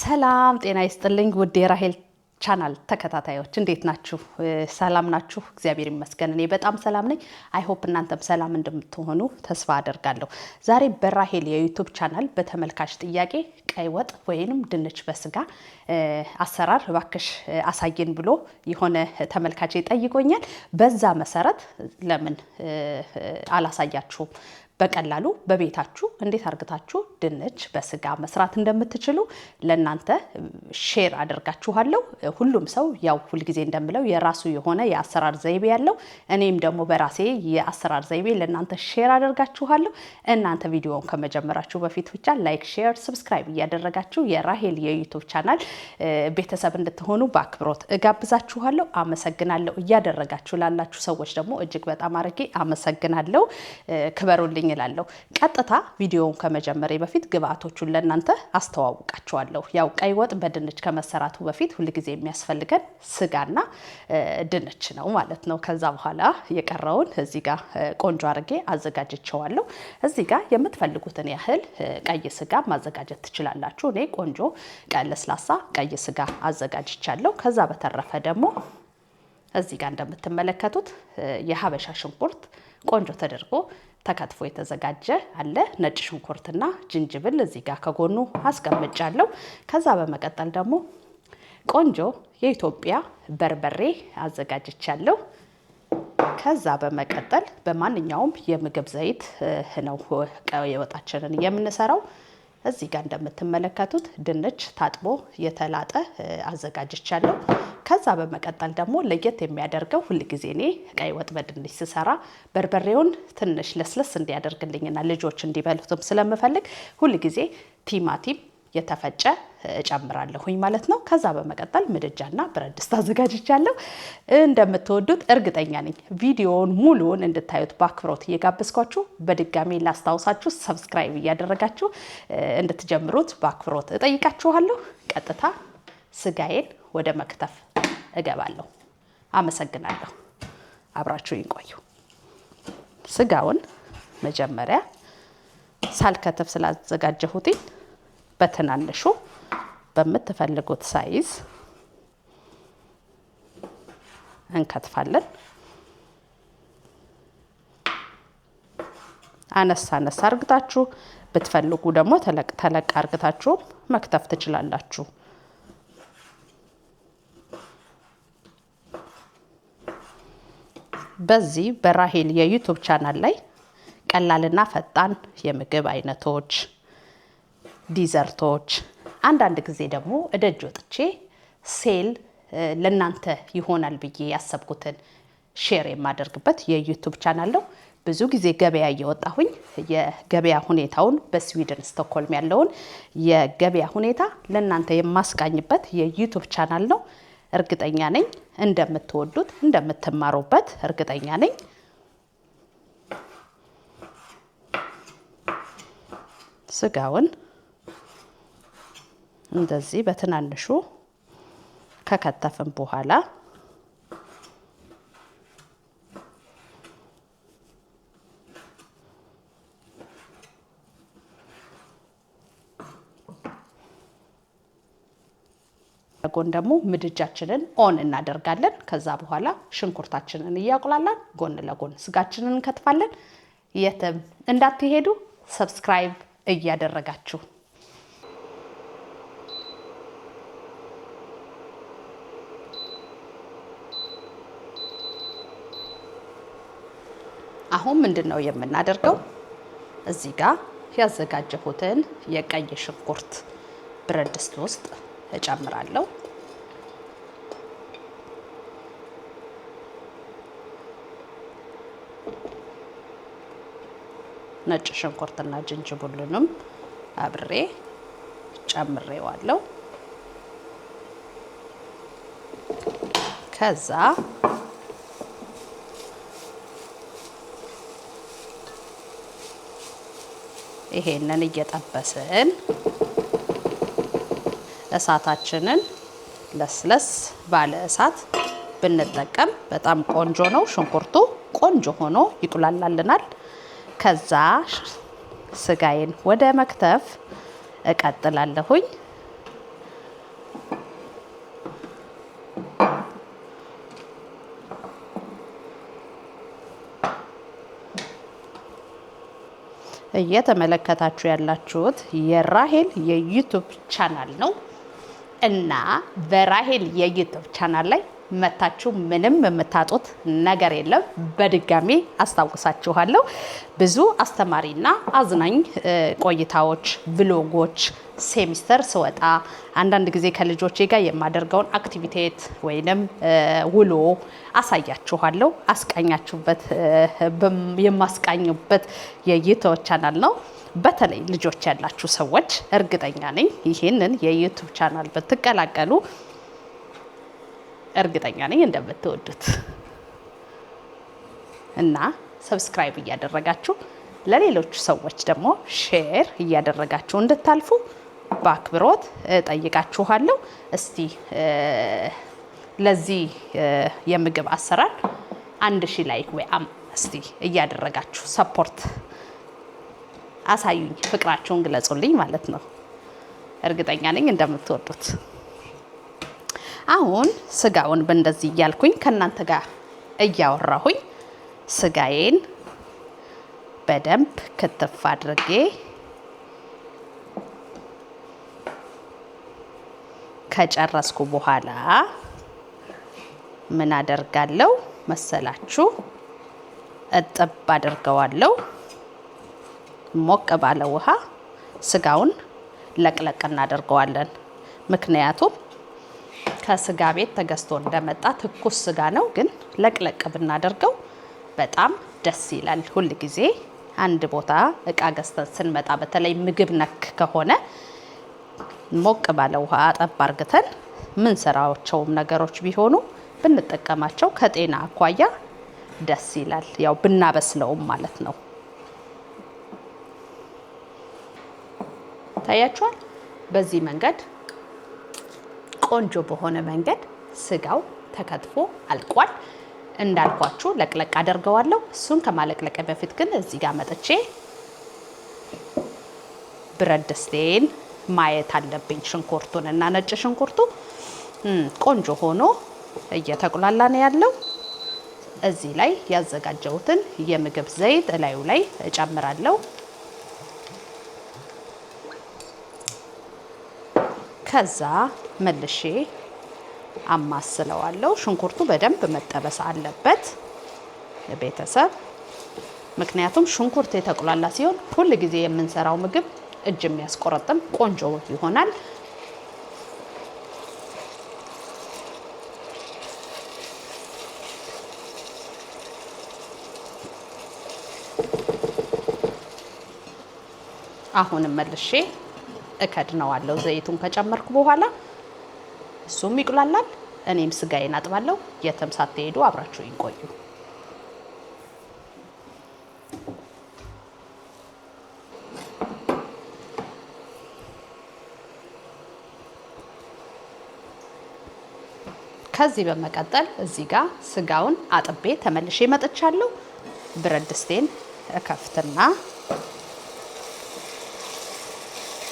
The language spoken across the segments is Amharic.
ሰላም ጤና ይስጥልኝ ውድ የራሄል ቻናል ተከታታዮች እንዴት ናችሁ? ሰላም ናችሁ? እግዚአብሔር ይመስገን እኔ በጣም ሰላም ነኝ። አይሆፕ እናንተም ሰላም እንደምትሆኑ ተስፋ አደርጋለሁ። ዛሬ በራሄል የዩቱብ ቻናል በተመልካች ጥያቄ ቀይ ወጥ ወይንም ድንች በስጋ አሰራር እባክሽ አሳየን ብሎ የሆነ ተመልካች ጠይቆኛል። በዛ መሰረት ለምን አላሳያችሁም በቀላሉ በቤታችሁ እንዴት አርግታችሁ ድንች በስጋ መስራት እንደምትችሉ ለእናንተ ሼር አደርጋችኋለሁ። ሁሉም ሰው ያው ሁልጊዜ እንደምለው የራሱ የሆነ የአሰራር ዘይቤ ያለው፣ እኔም ደግሞ በራሴ የአሰራር ዘይቤ ለእናንተ ሼር አደርጋችኋለሁ። እናንተ ቪዲዮውን ከመጀመራችሁ በፊት ብቻ ላይክ፣ ሼር፣ ሰብስክራይብ እያደረጋችሁ የራሄል የዩቱብ ቻናል ቤተሰብ እንድትሆኑ በአክብሮት እጋብዛችኋለሁ። አመሰግናለሁ። እያደረጋችሁ ላላችሁ ሰዎች ደግሞ እጅግ በጣም አርጌ አመሰግናለሁ። ክበሩልኝ። አድርጉልኝ እላለሁ። ቀጥታ ቪዲዮውን ከመጀመሬ በፊት ግብአቶቹን ለእናንተ አስተዋውቃቸዋለሁ። ያው ቀይ ወጥ በድንች ከመሰራቱ በፊት ሁልጊዜ የሚያስፈልገን ስጋና ድንች ነው ማለት ነው። ከዛ በኋላ የቀረውን እዚህ ጋር ቆንጆ አድርጌ አዘጋጅቸዋለሁ። እዚህ ጋር የምትፈልጉትን ያህል ቀይ ስጋ ማዘጋጀት ትችላላችሁ። እኔ ቆንጆ ለስላሳ ቀይ ስጋ አዘጋጅቻለሁ። ከዛ በተረፈ ደግሞ እዚህ ጋር እንደምትመለከቱት የሀበሻ ሽንኩርት ቆንጆ ተደርጎ ተከትፎ የተዘጋጀ አለ። ነጭ ሽንኩርትና ጅንጅብል እዚህ ጋር ከጎኑ አስቀምጫለሁ። ከዛ በመቀጠል ደግሞ ቆንጆ የኢትዮጵያ በርበሬ አዘጋጅቻለሁ። ከዛ በመቀጠል በማንኛውም የምግብ ዘይት ነው የወጣችንን የምንሰራው። እዚህ ጋር እንደምትመለከቱት ድንች ታጥቦ የተላጠ አዘጋጅቻለሁ። ከዛ በመቀጠል ደግሞ ለየት የሚያደርገው ሁልጊዜ እኔ ቀይ ወጥ በድንች ስሰራ በርበሬውን ትንሽ ለስለስ እንዲያደርግልኝና ልጆች እንዲበሉትም ስለምፈልግ ሁልጊዜ ቲማቲም የተፈጨ እጨምራለሁኝ ማለት ነው። ከዛ በመቀጠል ምድጃና ብረት ድስት አዘጋጅቻለሁ። እንደምትወዱት እርግጠኛ ነኝ። ቪዲዮውን ሙሉውን እንድታዩት በአክብሮት እየጋበዝኳችሁ በድጋሚ ላስታውሳችሁ ሰብስክራይብ እያደረጋችሁ እንድትጀምሩት በአክብሮት እጠይቃችኋለሁ። ቀጥታ ስጋዬን ወደ መክተፍ እገባለሁ። አመሰግናለሁ። አብራችሁ ይቆዩ። ስጋውን መጀመሪያ ሳልከተፍ ስላዘጋጀሁትኝ በትናንሹ በምትፈልጉት ሳይዝ እንከትፋለን። አነሳ አነሳ አርግታችሁ ብትፈልጉ ደግሞ ተለቅ ተለቅ አርግታችሁ መክተፍ ትችላላችሁ። በዚህ በራሄል የዩቱብ ቻናል ላይ ቀላልና ፈጣን የምግብ አይነቶች ዲዘርቶች፣ አንዳንድ ጊዜ ደግሞ እደጅ ወጥቼ ሴል ለእናንተ ይሆናል ብዬ ያሰብኩትን ሼር የማደርግበት የዩቱብ ቻናል ነው። ብዙ ጊዜ ገበያ እየወጣሁኝ የገበያ ሁኔታውን በስዊድን ስቶክሆልም ያለውን የገበያ ሁኔታ ለእናንተ የማስቃኝበት የዩቱብ ቻናል ነው። እርግጠኛ ነኝ እንደምትወዱት እንደምትማሩበት እርግጠኛ ነኝ። ስጋውን እንደዚህ በትናንሹ ከከተፍን በኋላ ጎን ደግሞ ምድጃችንን ኦን እናደርጋለን። ከዛ በኋላ ሽንኩርታችንን እያቁላላን ጎን ለጎን ስጋችንን እንከትፋለን። የትም እንዳትሄዱ ሰብስክራይብ እያደረጋችሁ አሁን ምንድን ነው የምናደርገው? እዚህ ጋር ያዘጋጀሁትን የቀይ ሽንኩርት ብረት ድስት ውስጥ እጨምራለሁ። ነጭ ሽንኩርትና ጅንጅብሉንም አብሬ ጨምሬዋለሁ። ከዛ ይሄንን እየጠበስን እሳታችንን ለስለስ ባለ እሳት ብንጠቀም በጣም ቆንጆ ነው። ሽንኩርቱ ቆንጆ ሆኖ ይቁላላልናል። ከዛ ስጋዬን ወደ መክተፍ እቀጥላለሁኝ። እየተመለከታችሁ ያላችሁት የራሄል የዩቱብ ቻናል ነው እና በራሄል የዩቱብ ቻናል ላይ መታችሁ ምንም የምታጡት ነገር የለም። በድጋሚ አስታውሳችኋለሁ። ብዙ አስተማሪና አዝናኝ ቆይታዎች፣ ብሎጎች ሴሚስተር ስወጣ አንዳንድ ጊዜ ከልጆቼ ጋር የማደርገውን አክቲቪቴት ወይንም ውሎ አሳያችኋለሁ። አስቃኛችሁበት የማስቃኙበት የዩቱብ ቻናል ነው። በተለይ ልጆች ያላችሁ ሰዎች እርግጠኛ ነኝ ይህንን የዩቱብ ቻናል ብትቀላቀሉ እርግጠኛ ነኝ እንደምትወዱት እና ሰብስክራይብ እያደረጋችሁ ለሌሎች ሰዎች ደግሞ ሼር እያደረጋችሁ እንድታልፉ በአክብሮት እጠይቃችኋለሁ። እስቲ ለዚህ የምግብ አሰራር አንድ ሺ ላይክ ወይ አም እስቲ እያደረጋችሁ ሰፖርት አሳዩኝ፣ ፍቅራችሁን ግለጹልኝ ማለት ነው። እርግጠኛ ነኝ እንደምትወዱት አሁን ስጋውን በእንደዚህ እያልኩኝ ከእናንተ ጋር እያወራሁኝ ስጋዬን በደንብ ክትፍ አድርጌ ከጨረስኩ በኋላ ምን አደርጋለሁ መሰላችሁ? እጥብ አድርገዋለሁ። ሞቅ ባለ ውሃ ስጋውን ለቅለቅ እናደርገዋለን። ምክንያቱም ከስጋ ቤት ተገዝቶ እንደመጣ ትኩስ ስጋ ነው፣ ግን ለቅለቅ ብናደርገው በጣም ደስ ይላል። ሁል ጊዜ አንድ ቦታ እቃ ገዝተን ስንመጣ በተለይ ምግብ ነክ ከሆነ ሞቅ ባለ ውሃ አጠብ አርግተን ምን ስራቸውም ነገሮች ቢሆኑ ብንጠቀማቸው ከጤና አኳያ ደስ ይላል። ያው ብናበስለውም ማለት ነው። ታያችኋል በዚህ መንገድ ቆንጆ በሆነ መንገድ ስጋው ተከትፎ አልቋል። እንዳልኳችሁ ለቅለቅ አደርገዋለሁ። እሱን ከማለቅለቅ በፊት ግን እዚህ ጋር መጥቼ ብረት ድስቴን ማየት አለብኝ። ሽንኩርቱን እና ነጭ ሽንኩርቱ ቆንጆ ሆኖ እየተቁላላ ነው ያለው። እዚህ ላይ ያዘጋጀሁትን የምግብ ዘይት እላዩ ላይ እጨምራለሁ። ከዛ መልሼ አማስለዋለሁ። ሽንኩርቱ በደንብ መጠበስ አለበት ቤተሰብ፣ ምክንያቱም ሽንኩርት የተቁላላ ሲሆን ሁል ጊዜ የምንሰራው ምግብ እጅ የሚያስቆረጥም ቆንጆ ይሆናል። አሁንም መልሼ እከድነዋለሁ። ዘይቱን ከጨመርኩ በኋላ እሱም ይቁላላል፣ እኔም ስጋዬን አጥባለሁ። የትም ሳትሄዱ አብራችሁ ይቆዩ። ከዚህ በመቀጠል እዚህ ጋር ስጋውን አጥቤ ተመልሼ መጥቻለሁ። ብረት ድስቴን እከፍትና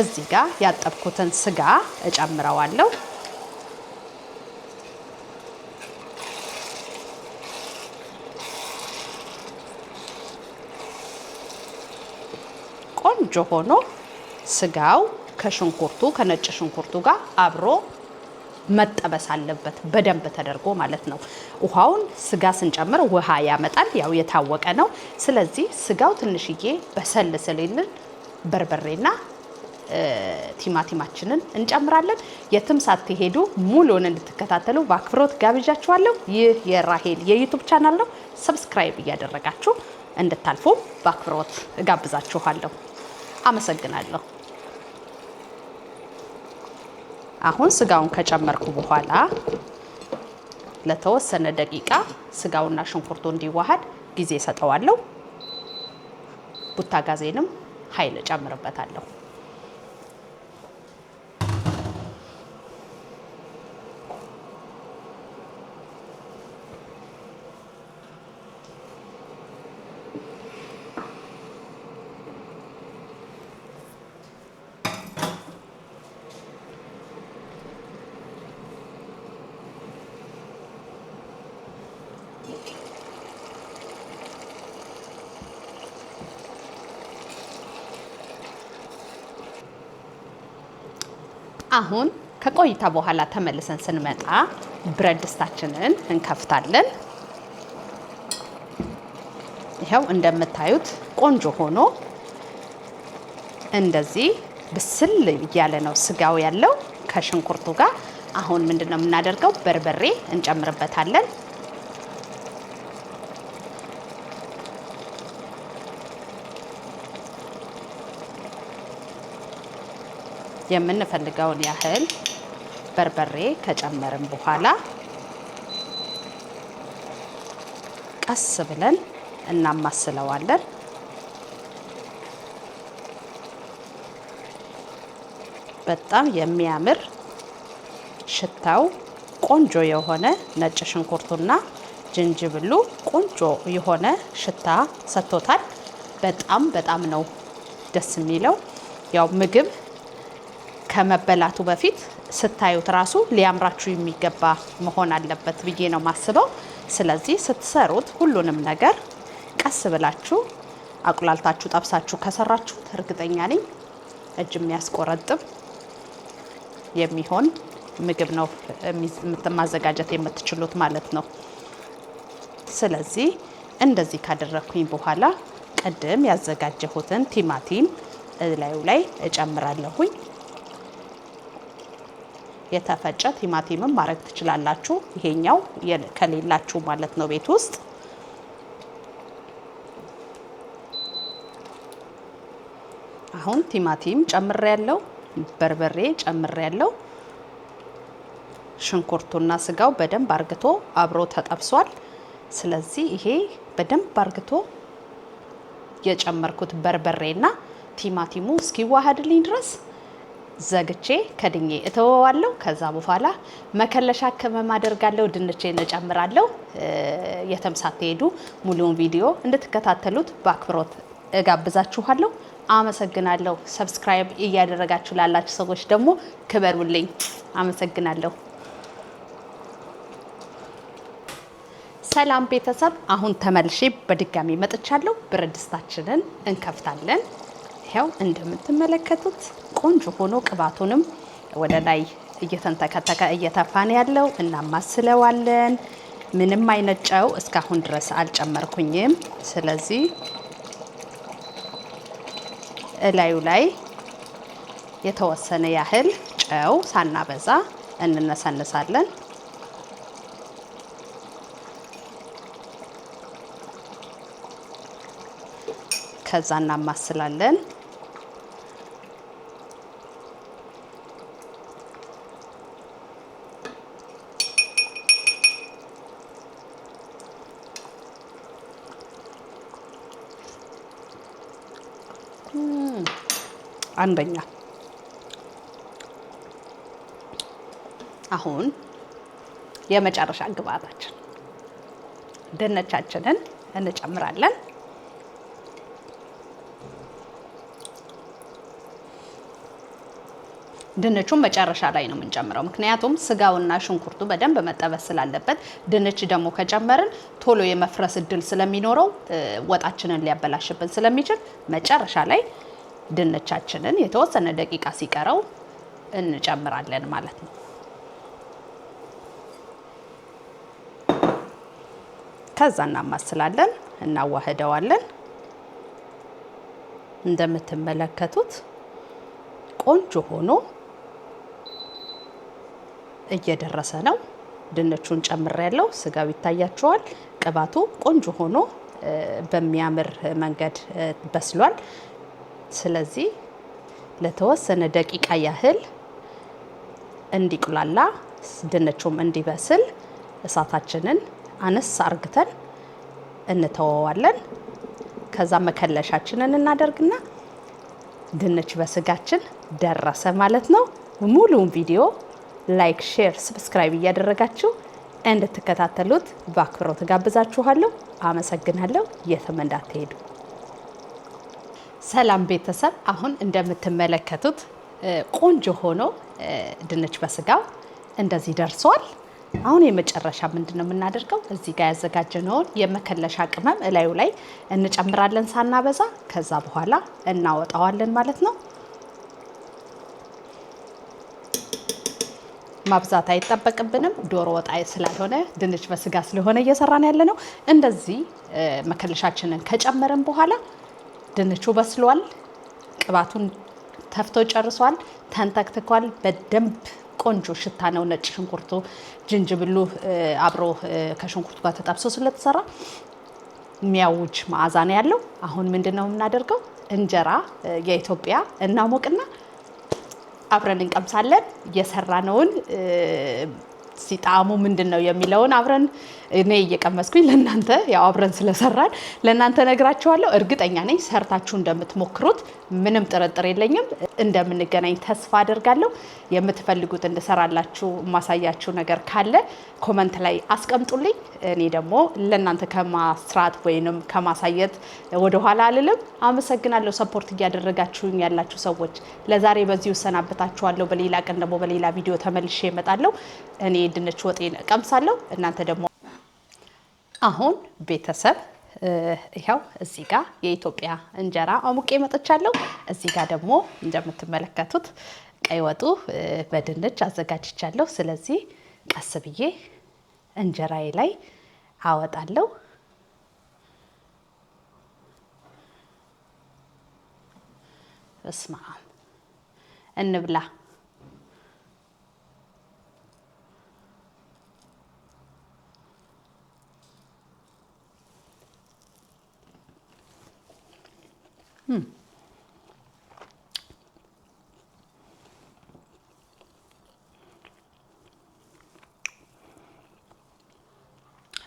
እዚህ ጋር ያጠብኩትን ስጋ እጨምረዋለሁ። ቆንጆ ሆኖ ስጋው ከሽንኩርቱ ከነጭ ሽንኩርቱ ጋር አብሮ መጠበስ አለበት፣ በደንብ ተደርጎ ማለት ነው። ውሃውን ስጋ ስንጨምር ውሃ ያመጣል፣ ያው የታወቀ ነው። ስለዚህ ስጋው ትንሽዬ በሰል ስሌልን በርበሬና ቲማቲማችንን እንጨምራለን። የትም ሳትሄዱ ሙሉን እንድትከታተሉ በአክብሮት ጋብዣችኋለሁ። ይህ የራሄል የዩቱብ ቻናል ነው። ሰብስክራይብ እያደረጋችሁ እንድታልፉ በአክብሮት እጋብዛችኋለሁ። አመሰግናለሁ። አሁን ስጋውን ከጨመርኩ በኋላ ለተወሰነ ደቂቃ ስጋውና ሽንኩርቱ እንዲዋሃድ ጊዜ ሰጠዋለሁ። ቡታ ጋዜንም ኃይል ጨምርበታለሁ። አሁን ከቆይታ በኋላ ተመልሰን ስንመጣ ብረት ድስታችንን እንከፍታለን። ይኸው እንደምታዩት ቆንጆ ሆኖ እንደዚህ ብስል እያለ ነው ስጋው ያለው ከሽንኩርቱ ጋር። አሁን ምንድነው የምናደርገው? በርበሬ እንጨምርበታለን። የምንፈልገውን ያህል በርበሬ ከጨመርን በኋላ ቀስ ብለን እናማስለዋለን። በጣም የሚያምር ሽታው ቆንጆ የሆነ ነጭ ሽንኩርቱና ጅንጅብሉ ቆንጆ የሆነ ሽታ ሰጥቶታል። በጣም በጣም ነው ደስ የሚለው ያው ምግብ ከመበላቱ በፊት ስታዩት ራሱ ሊያምራችሁ የሚገባ መሆን አለበት ብዬ ነው ማስበው። ስለዚህ ስትሰሩት ሁሉንም ነገር ቀስ ብላችሁ አቁላልታችሁ ጠብሳችሁ ከሰራችሁት እርግጠኛ ነኝ እጅ የሚያስቆረጥም የሚሆን ምግብ ነው ማዘጋጀት የምትችሉት ማለት ነው። ስለዚህ እንደዚህ ካደረግኩኝ በኋላ ቅድም ያዘጋጀሁትን ቲማቲም እላዩ ላይ እጨምራለሁኝ። የተፈጨ ቲማቲምም ማድረግ ትችላላችሁ። ይሄኛው ከሌላችሁ ማለት ነው ቤት ውስጥ አሁን ቲማቲም ጨምሬ ያለው በርበሬ ጨምሬ ያለው ሽንኩርቱና ስጋው በደንብ አርግቶ አብሮ ተጠብሷል። ስለዚህ ይሄ በደንብ አርግቶ የጨመርኩት በርበሬና ቲማቲሙ እስኪዋሃድልኝ ድረስ ዘግቼ ከድኜ እተወዋለሁ። ከዛ በኋላ መከለሻ ክመም አደርጋለሁ። ድንቼ እጨምራለሁ። የተም ሳትሄዱ ሙሉውን ቪዲዮ እንድትከታተሉት በአክብሮት እጋብዛችኋለሁ። አመሰግናለሁ። ሰብስክራይብ እያደረጋችሁ ላላችሁ ሰዎች ደግሞ ክበሩልኝ። አመሰግናለሁ። ሰላም ቤተሰብ፣ አሁን ተመልሼ በድጋሚ መጥቻለሁ። ብረት ድስታችንን እንከፍታለን። ይኸው እንደምትመለከቱት ቆንጆ ሆኖ ቅባቱንም ወደ ላይ እየተንተከተከ እየተፋን ያለው እናማስለዋለን። ምንም አይነት ጨው እስካሁን ድረስ አልጨመርኩኝም። ስለዚህ እላዩ ላይ የተወሰነ ያህል ጨው ሳናበዛ እንነሰንሳለን። ከዛ እናማስላለን። አንደኛ አሁን የመጨረሻ ግብአታችን ድንቻችንን እንጨምራለን። ድንቹን መጨረሻ ላይ ነው የምንጨምረው። ምክንያቱም ስጋውና ሽንኩርቱ በደንብ መጠበስ ስላለበት ድንች ደግሞ ከጨመርን ቶሎ የመፍረስ እድል ስለሚኖረው ወጣችንን ሊያበላሽብን ስለሚችል መጨረሻ ላይ ድንቻችንን የተወሰነ ደቂቃ ሲቀረው እንጨምራለን ማለት ነው። ከዛ እናማስላለን፣ እናዋህደዋለን። እንደምትመለከቱት ቆንጆ ሆኖ እየደረሰ ነው። ድንቹን ጨምር ያለው ስጋው ይታያቸዋል። ቅባቱ ቆንጆ ሆኖ በሚያምር መንገድ በስሏል። ስለዚህ ለተወሰነ ደቂቃ ያህል እንዲቁላላ ድንቹም እንዲበስል እሳታችንን አነስ አርግተን እንተወዋለን። ከዛ መከለሻችንን እናደርግና ድንች በስጋችን ደረሰ ማለት ነው። ሙሉውን ቪዲዮ ላይክ፣ ሼር፣ ሰብስክራይብ እያደረጋችሁ እንድትከታተሉት በአክብሮት ጋብዛችኋለሁ። አመሰግናለሁ። የትም እንዳትሄዱ። ሰላም ቤተሰብ፣ አሁን እንደምትመለከቱት ቆንጆ ሆኖ ድንች በስጋው እንደዚህ ደርሰዋል። አሁን የመጨረሻ ምንድን ነው የምናደርገው? እዚህ ጋር ያዘጋጀነውን የመከለሻ ቅመም እላዩ ላይ እንጨምራለን ሳናበዛ። ከዛ በኋላ እናወጣዋለን ማለት ነው። ማብዛት አይጠበቅብንም። ዶሮ ወጣ ስላልሆነ ድንች በስጋ ስለሆነ እየሰራን ያለ ነው። እንደዚህ መከለሻችንን ከጨመረን በኋላ ድንቹ በስሏል፣ ቅባቱን ተፍቶ ጨርሷል፣ ተንተክትኳል። በደንብ ቆንጆ ሽታ ነው። ነጭ ሽንኩርቱ ጅንጅብሉ አብሮ ከሽንኩርቱ ጋር ተጠብሶ ስለተሰራ የሚያውጅ መዓዛ ነው ያለው። አሁን ምንድን ነው የምናደርገው? እንጀራ የኢትዮጵያ እናሞቅና አብረን እንቀምሳለን። የሰራነውን ሲጣሙ ምንድን ነው የሚለውን አብረን እኔ እየቀመስኩኝ ለእናንተ ያው አብረን ስለሰራን ለእናንተ ነግራችኋለሁ። እርግጠኛ ነኝ ሰርታችሁ እንደምትሞክሩት ምንም ጥርጥር የለኝም እንደምንገናኝ ተስፋ አድርጋለሁ። የምትፈልጉት እንድሰራላችሁ የማሳያችሁ ነገር ካለ ኮመንት ላይ አስቀምጡልኝ። እኔ ደግሞ ለእናንተ ከማስራት ወይንም ከማሳየት ወደኋላ አልልም። አመሰግናለሁ ሰፖርት እያደረጋችሁኝ ያላችሁ ሰዎች። ለዛሬ በዚሁ እሰናበታችኋለሁ። በሌላ ቀን ደግሞ በሌላ ቪዲዮ ተመልሼ እመጣለሁ። እኔ ድንች ወጤን እቀምሳለሁ። እናንተ ደግሞ አሁን ቤተሰብ ይኸው እዚህ ጋ የኢትዮጵያ እንጀራ አሙቄ መጥቻለሁ። እዚህ ጋ ደግሞ እንደምትመለከቱት ቀይ ወጡ በድንች አዘጋጅቻለሁ። ስለዚህ ቀስ ብዬ እንጀራዬ ላይ አወጣለሁ። እስማ እንብላ።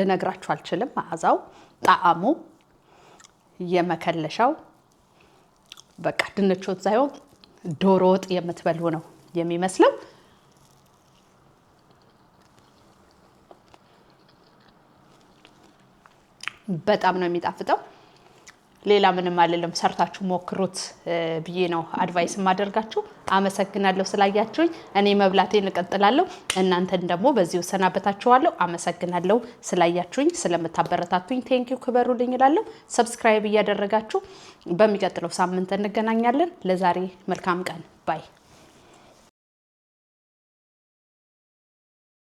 ልነግራችሁ አልችልም። መዓዛው፣ ጣዕሙ፣ የመከለሻው በቃ ድንች ወጥ ሳይሆን ዶሮ ወጥ የምትበሉ ነው የሚመስለው። በጣም ነው የሚጣፍጠው። ሌላ ምንም አይደለም። ሰርታችሁ ሞክሩት ብዬ ነው አድቫይስ የማደርጋችሁ። አመሰግናለሁ ስላያችሁኝ። እኔ መብላቴን እቀጥላለሁ፣ እናንተን ደግሞ በዚሁ እሰናበታችኋለሁ። አመሰግናለሁ ስላያችሁኝ፣ ስለምታበረታቱኝ ቴንኪዩ፣ ክበሩልኝ እላለሁ። ሰብስክራይብ እያደረጋችሁ በሚቀጥለው ሳምንት እንገናኛለን። ለዛሬ መልካም ቀን ባይ